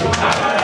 Amen.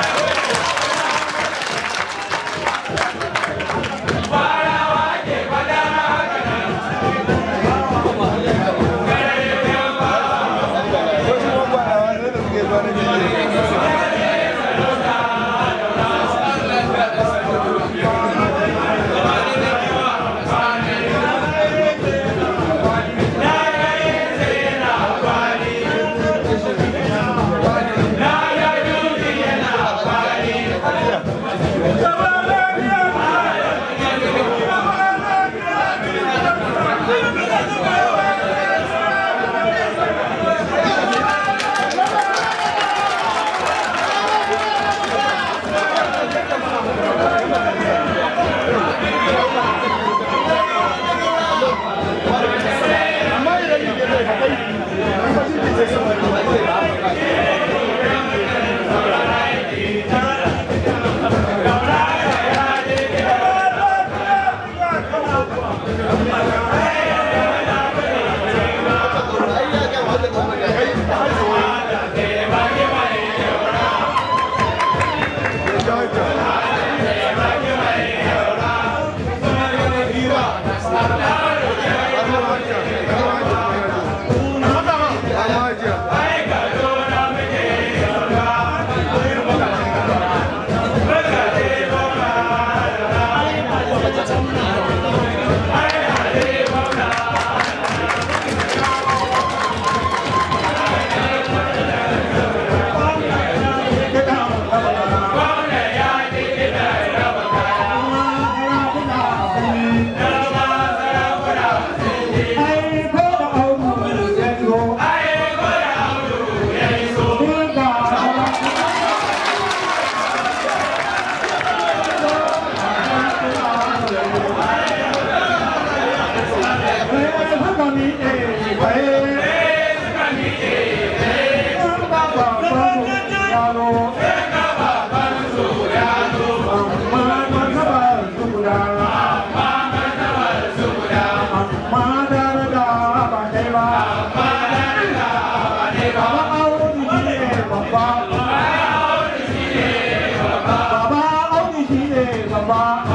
妈。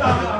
된다. 아,